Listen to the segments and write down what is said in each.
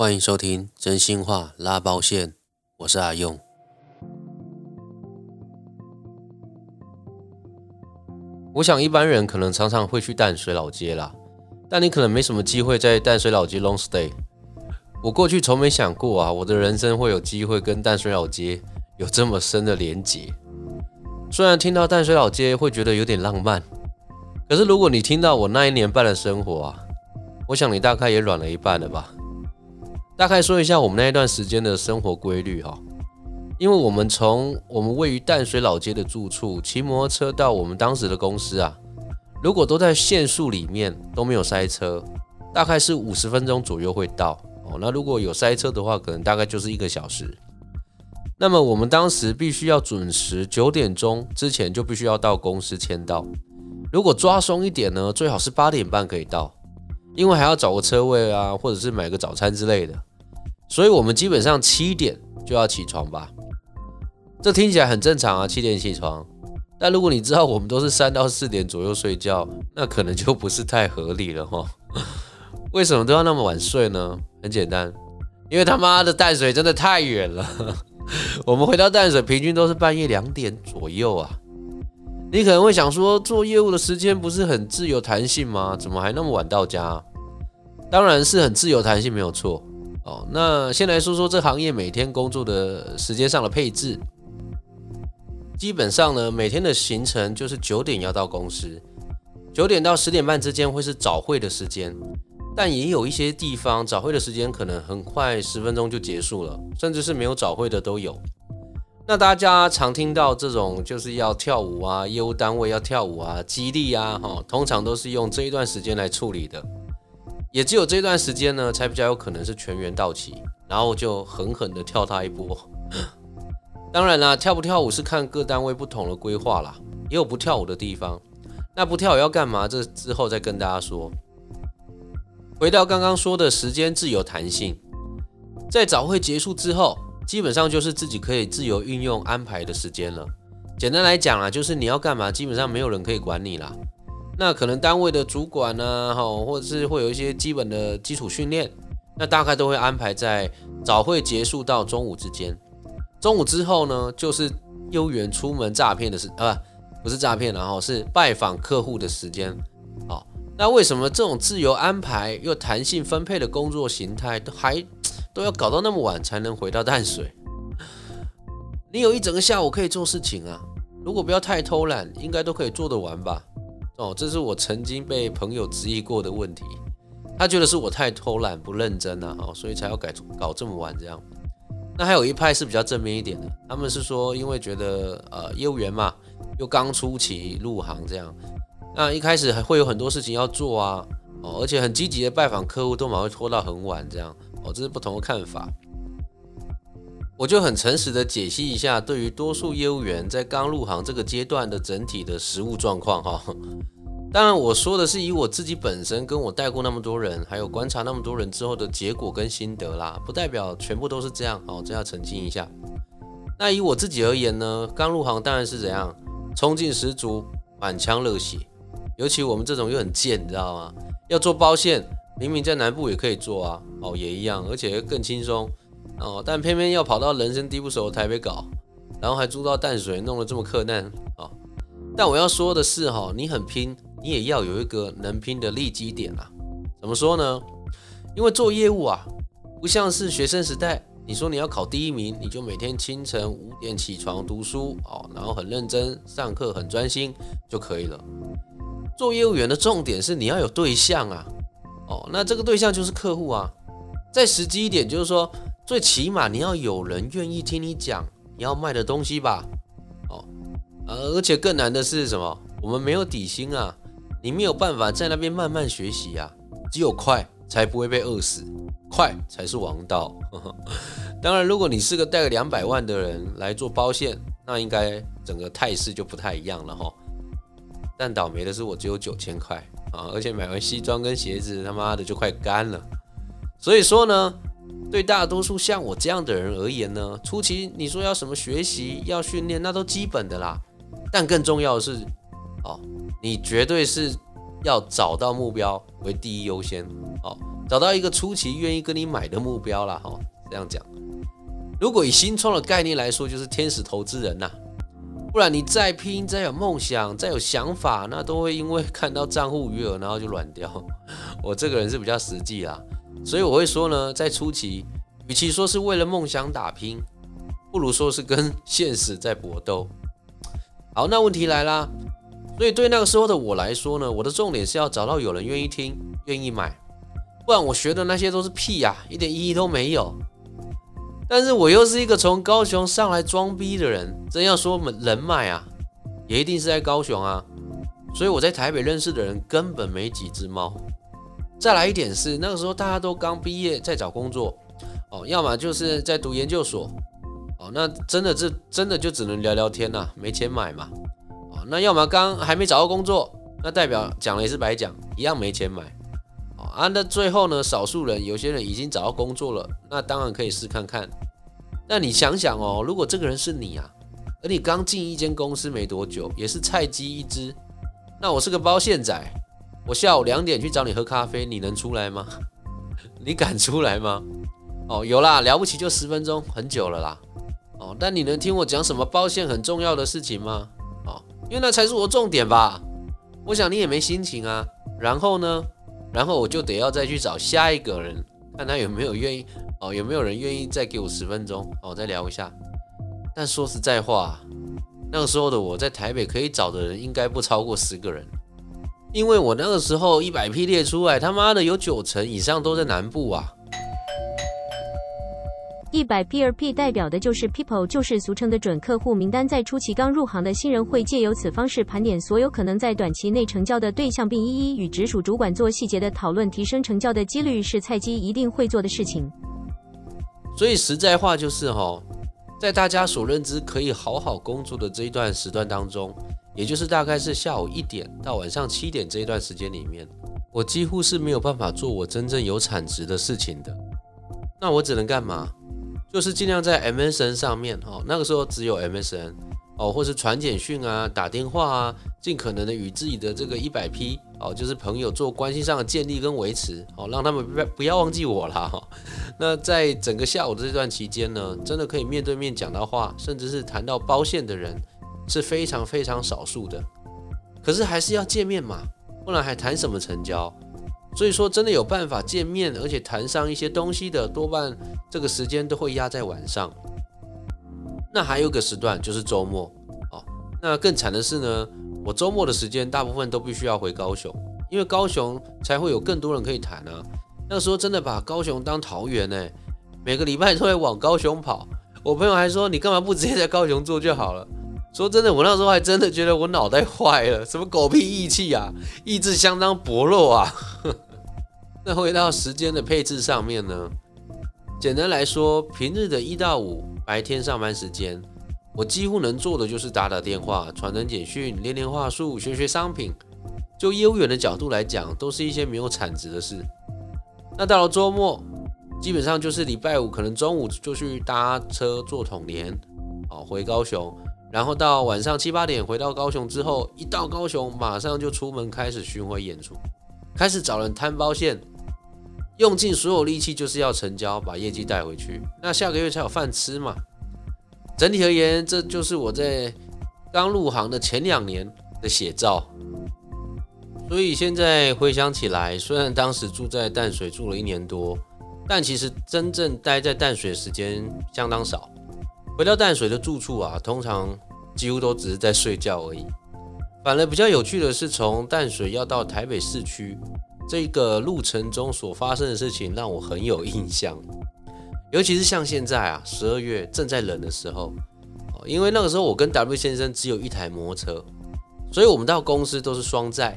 歡迎收聽真心話拉包線，我是阿用。我想一般人可能常常會去淡水老街啦，但你可能沒什麼機會在淡水老街 long stay。我過去從沒想過啊，我的人生會有機會跟淡水老街有這麼深的連接。雖然聽到淡水老街會覺得有點浪漫，可是如果你聽到我那一年半的生活啊，我想你大概也軟了一半了吧。大概說一下我們那一段時間的生活規律哈、喔，因為我們從我們位於淡水老街的住處騎摩托車到我們當時的公司啊，如果都在限速裡面都沒有塞車，大概是五十分鐘左右會到哦。那如果有塞車的話，可能大概就是一個小時。那麼我們當時必須要準時九點鐘之前就必須要到公司簽到，如果抓鬆一點呢，最好是八點半可以到，因為還要找個車位啊，或者是買個早餐之類的。所以我們基本上七點就要起床吧。這聽起來很正常啊，七點起床。但如果你知道我們都是三到四點左右睡覺，那可能就不是太合理了吼。為什麼都要那麼晚睡呢？很簡單，因為他媽的淡水真的太遠了。我們回到淡水平均都是半夜兩點左右啊。你可能會想說，做業務的時間不是很自由彈性嗎？怎麼還那麼晚到家啊？當然是很自由彈性，沒有錯。那先來說說這行業每天工作的時間上的配置。基本上呢，每天的行程就是九點要到公司，九點到十點半之間會是早會的時間，但也有一些地方早會的時間可能很快十分鐘就結束了，甚至是沒有早會的都有。那大家常聽到這種就是要跳舞啊，業務單位要跳舞啊，激勵啊，哈，通常都是用這一段時間來處理的。也只有這段時間呢，才比較有可能是全員到齊，然後就狠狠地跳他一波。 當然啦，跳不跳舞是看各單位不同的規劃啦，也有不跳舞的地方。那不跳舞要幹嘛？這之後再跟大家說。回到剛剛說的時間自由彈性，在早會結束之後，基本上就是自己可以自由運用安排的時間了。簡單來講啊，就是你要幹嘛，基本上沒有人可以管你啦。那可能單位的主管呢，哈，或者是會有一些基本的基礎訓練，那大概都會安排在早會結束到中午之間。中午之後呢，就是優員出門詐騙的時，啊，不，不是詐騙，然後是拜訪客戶的時間。哦，那為什麼這種自由安排又彈性分配的工作形態，都還都要搞到那麼晚才能回到淡水？你有一整個下午可以做事情啊，如果不要太偷懶，應該都可以做得完吧？哦，這是我曾經被朋友質疑過的問題，他覺得是我太偷懶不認真了啊，哦，所以才要改搞這麼晚這樣。那還有一派是比較正面一點的，他們是說，因為覺得呃業務員嘛，又剛初期入行這樣，那一開始還會有很多事情要做啊，哦，而且很積極的拜訪客戶，都嘛會拖到很晚這樣。哦，這是不同的看法。我就很誠實的解析一下，對於多數業務員在剛入行這個階段的整體的實務狀況哈。當然我說的是以我自己本身跟我帶過那麼多人，還有觀察那麼多人之後的結果跟心得啦，不代表全部都是這樣哦。這要澄清一下。那以我自己而言呢，剛入行當然是怎樣，衝勁十足，滿腔熱血。尤其我們這種又很賤，你知道嗎？要做包餡，明明在南部也可以做啊，哦也一樣，而且更輕鬆。哦，但偏偏要跑到人生地不熟的台北搞，然後還租到淡水，弄得這麼困難哦，但我要說的是哈、哦，你很拼，你也要有一個能拼的利基點啊。怎麼說呢？因為做業務啊，不像是學生時代，你說你要考第一名，你就每天清晨五點起床讀書哦，然後很認真上課，很專心就可以了。做業務員的重點是你要有對象啊，哦，那這個對象就是客戶啊。再實際一點就是說，最起碼你要有人願意聽你講你要賣的東西吧，哦、呃，而且更難的是什麼？我們沒有底薪啊，你沒有辦法在那邊慢慢學習啊。只有快才不會被餓死，快才是王道。呵呵，當然，如果你是個帶兩百萬的人來做包餡，那應該整個態勢就不太一樣了吼。但倒霉的是我只有九千塊啊，而且買完西裝跟鞋子，他媽的就快乾了。所以說呢。對大多數像我這樣的人而言呢，初期你說要什麼學習、要訓練，那都基本的啦。但更重要的是，哦，你絕對是要找到目標為第一優先，哦，找到一個初期願意跟你買的目標啦。哈。這樣講，如果以新創的概念來說，就是天使投資人吶、啊。不然你再拼、再有夢想、再有想法，那都會因為看到賬戶餘額然後就軟掉。我這個人是比較實際啦、啊。所以我會說呢，在初期，與其說是為了夢想打拼，不如說是跟現實在搏鬥。好，那問題來了，所以對那個時候的我來說呢，我的重點是要找到有人願意聽、願意買，不然我學的那些都是屁呀、啊，一點意義都沒有。但是我又是一個從高雄上來裝逼的人，真要說人脈啊，也一定是在高雄啊。所以我在台北認識的人根本沒幾隻貓。再來一點是，那個時候大家都剛畢業在找工作，哦，要麼就是在讀研究所，哦，那真的這真的就只能聊聊天吶、啊，沒錢買嘛，哦，那要麼剛還沒找到工作，那代表講了也是白講，一樣沒錢買，哦啊，那最後呢，少數人有些人已經找到工作了，那當然可以試看看。那你想想哦，如果這個人是你啊，而你剛進一間公司沒多久，也是菜雞一只，那我是個包餡仔。我下午兩點去找你喝咖啡，你能出來嗎？ 你敢出來嗎？哦，有啦，了不起就十分鐘，很久了啦。哦，但你能聽我講什麼？抱歉，很重要的事情嗎？哦，因為那才是我重點吧。我想你也沒心情啊。然後呢？然後我就得要再去找下一個人，看他有沒有願意哦，有沒有人願意再給我十分鐘，哦，再聊一下。但說實在話，那個時候的我在台北可以找的人應該不超過十個人。因為我那個時候一百 P 列出來，他媽的有九成以上都在南部啊。一百 P 二 P 代表的就是 people，就是俗稱的準客戶名單。在初期剛入行的新人會借由此方式盤點所有可能在短期內成交的對象，並一一與直屬主管做細節的討論，提升成交的幾率是菜雞一定會做的事情。所以實在話就是哈、哦，在大家所認知可以好好工作的這一段時段當中。也就是大概是下午一點到晚上七點這一段時間裡面，我幾乎是沒有辦法做我真正有產值的事情的。那我只能幹嘛？就是盡量在 MSN 上面哈，那個時候只有 MSN 哦，或是傳簡訊啊、打電話啊，盡可能的與自己的這個一百 P 哦，就是朋友做關係上的建立跟維持哦，讓他們不要忘記我啦哈。那在整個下午這段期間呢，真的可以面對面講到話，甚至是談到包餡的人。是非常非常少數的，可是還是要見面嘛，不然還談什麼成交？所以說真的有辦法見面，而且談上一些東西的，多半這個時間都會壓在晚上。那還有個時段就是周末哦。那更慘的是呢，我周末的時間大部分都必須要回高雄，因為高雄才會有更多人可以談啊。那個時候真的把高雄當桃園哎，每個禮拜都會往高雄跑。我朋友還說，你幹嘛不直接在高雄做就好了？說真的，我那時候還真的覺得我腦袋壞了，什麼狗屁義氣啊，意志相當薄弱啊。 那回到時間的配置上面呢，簡單來說，平日的一到五白天上班時間，我幾乎能做的就是打打電話、傳傳簡訊、練練話術、學學商品。就業務員的角度來講，都是一些沒有產值的事。那到了周末，基本上就是禮拜五可能中午就去搭車坐統聯，哦，回高雄。然後到晚上七八點回到高雄之後，一到高雄馬上就出門開始巡回演出，開始找人攤包線，用盡所有力氣就是要成交，把業績帶回去。那下個月才有飯吃嘛？整體而言，這就是我在剛入行的前兩年的寫照。所以現在回想起來，雖然當時住在淡水住了一年多，但其實真正待在淡水時間相當少。回到淡水的住處啊，通常幾乎都只是在睡覺而已。反而比較有趣的是，從淡水要到台北市區這個路程中所發生的事情，讓我很有印象。尤其是像現在啊，十二月正在冷的時候，因為那個時候我跟 W 先生只有一台摩托車，所以我們到公司都是雙載。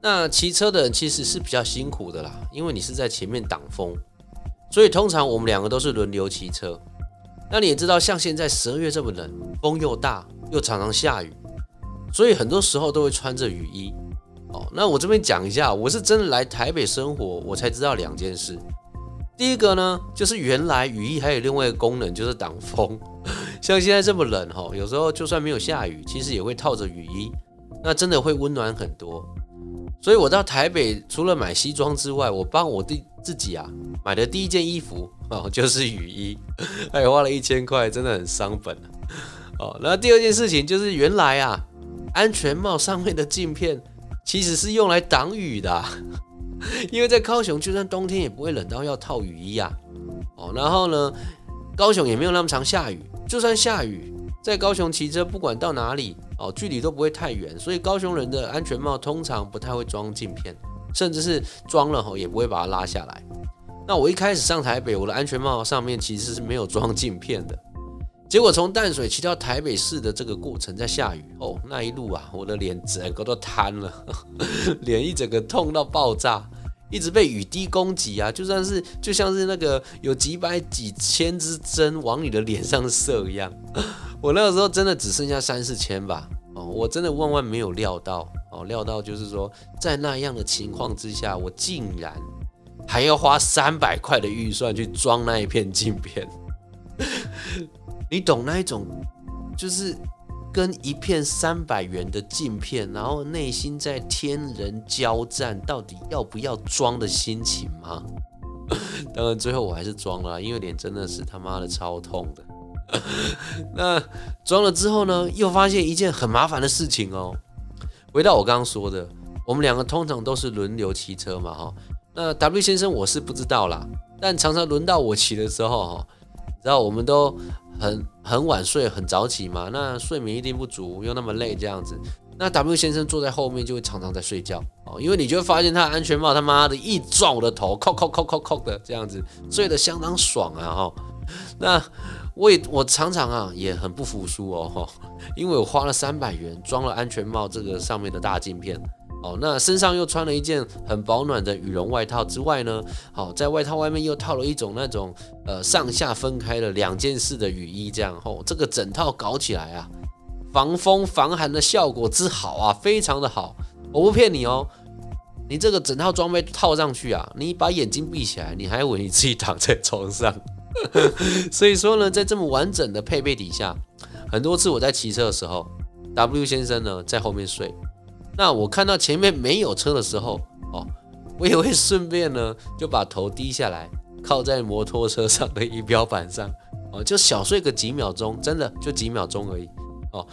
那騎車的人其實是比較辛苦的啦，因為你是在前面擋風，所以通常我們兩個都是輪流騎車。那你也知道，像現在十二月這麼冷，風又大，又常常下雨，所以很多時候都會穿着雨衣。哦，那我這邊講一下，我是真的來台北生活，我才知道兩件事。第一個呢，就是原來雨衣還有另外一個功能，就是擋風。像現在這麼冷，吼，有時候就算沒有下雨，其實也會套着雨衣，那真的會溫暖很多。所以，我到台北除了買西裝之外，我幫我弟。自己啊，買的第一件衣服哦，就是雨衣，還、哎、花了一千塊，真的很傷本、啊、哦。然那第二件事情就是原來啊，安全帽上面的鏡片其實是用來擋雨的、啊，因為在高雄就算冬天也不會冷到要套雨衣呀、啊。哦，然後呢，高雄也沒有那麼常下雨，就算下雨，在高雄騎車不管到哪裡，哦，距離都不會太遠，所以高雄人的安全帽通常不太會裝鏡片。甚至是裝了哦，也不會把它拉下來。那我一開始上台北，我的安全帽上面其實是沒有裝鏡片的。結果從淡水騎到台北市的這個過程在下雨哦，那一路啊，我的臉整個都癱了，臉 一整個痛到爆炸，一直被雨滴攻擊啊，就算是就像是那個有幾百幾千支針往你的臉上射一樣。我那個時候真的只剩下三四千吧，哦，我真的萬萬沒有料到。哦，料到就是說，在那樣的情況之下，我竟然還要花三百塊的預算去裝那一片鏡片。 你懂那一種，就是跟一片三百元的鏡片，然後內心在天人交戰，到底要不要裝的心情嗎？ 當然最後我還是裝了，因為臉真的是他媽的超痛的。 那裝了之後呢，又發現一件很麻煩的事情哦。回到我剛剛說的，我們兩個通常都是輪流騎車嘛，哈。那 W 先生我是不知道啦，但常常輪到我騎的時候，哈，然後我們都很很晚睡，很早起嘛，那睡眠一定不足，又那麼累，這樣子。那 W 先生坐在後面就會常常在睡覺，哦，因為你就會發現他安全帽他媽的一撞我的頭，扣扣扣扣扣扣扣扣的這樣子，睡得相當爽啊，哈。那。我也我常常啊也很不服輸哦，哦，因為我花了三百元裝了安全帽，這個上面的大鏡片，哦，那身上又穿了一件很保暖的羽絨外套，之外呢，好，哦，在外套外面又套了一種那種呃上下分開的兩件式的雨衣，這樣，哦，這個整套搞起來啊，防風防寒的效果之好啊，非常的好，我不騙你哦，你這個整套裝備套上去啊，你把眼睛閉起來，你還以為你自己躺在床上。 所以說呢，在這麼完整的配備底下，很多次我在騎車的時候，W 先生呢在後面睡。那我看到前面沒有車的時候，哦，我也會順便呢就把頭低下來，靠在摩托車上的儀表板上，哦，就小睡個幾秒鐘，真的就幾秒鐘而已。哦，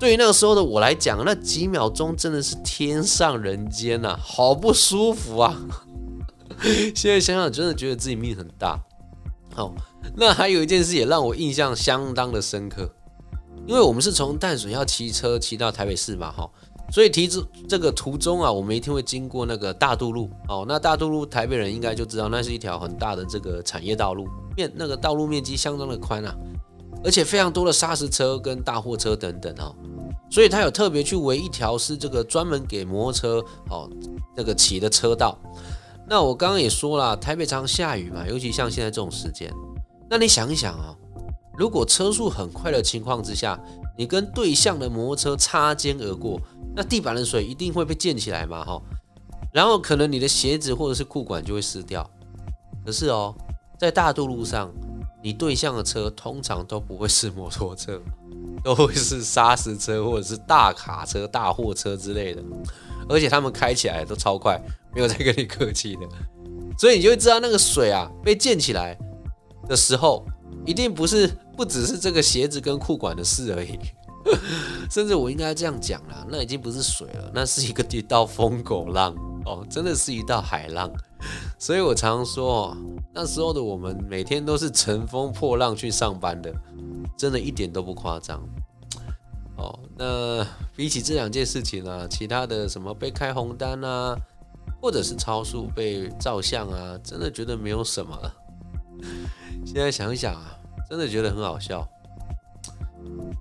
對於那個時候的我來講，那幾秒鐘真的是天上人間吶、啊，好不舒服啊。 現在想想，真的覺得自己命很大。哦，那還有一件事也讓我印象相當的深刻，因為我們是從淡水要騎車騎到台北市嘛，哈、哦，所以提這這個途中啊，我們一定會經過那個大度路。哦，那大度路台北人應該就知道，那是一條很大的這個產業道路，面那個道路面積相當的寬啊，而且非常多的砂石車跟大貨車等等，哈、哦，所以他有特別去圍一條是這個專門給摩托車，哦，那個騎的車道。那我剛剛也說了，台北常常下雨嘛，尤其像現在這種時間。那你想一想哦，如果車速很快的情況之下，你跟對向的摩托車擦肩而過，那地板的水一定會被濺起來嘛，哦，哈。然後可能你的鞋子或者是褲管就會濕掉。可是哦，在大度路上，你對向的車通常都不會是摩托車，都會是砂石車或者是大卡車、大貨車之類的。而且他們開起來都超快，沒有在跟你客氣的，所以你就會知道那個水啊被濺起來的時候，一定不是不只是這個鞋子跟褲管的事而已。 甚至我應該這樣講啦，那已經不是水了，那是一個一道瘋狗浪，哦，真的是一道海浪。所以我常常說，那時候的我們每天都是乘風破浪去上班的，真的一點都不誇張。哦，那比起這兩件事情啊，其他的什麼被開紅單啊，或者是超速被照相啊，真的覺得沒有什麼了。現在想一想啊，真的覺得很好笑，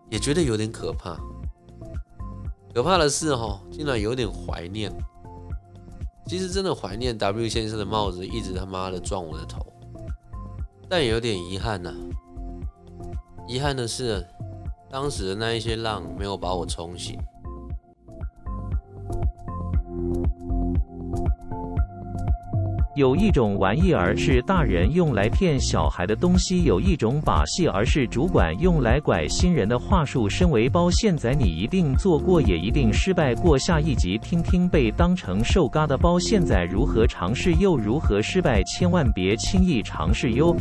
也覺得有點可怕。可怕的是哦，竟然有點懷念。其實真的懷念 W 先生的帽子一直他媽的撞我的頭，但也有點遺憾呐啊。遺憾的是。當時的那一些浪沒有把我沖醒。有一種玩意兒是大人用來騙小孩的東西，有一種把戲兒是主管用來拐新人的話術。身為包餡仔，現在你一定做過，也一定失敗過。下一集聽聽被當成瘦嘎的包餡仔如何嘗試，又如何失敗，千萬別輕易嘗試喲。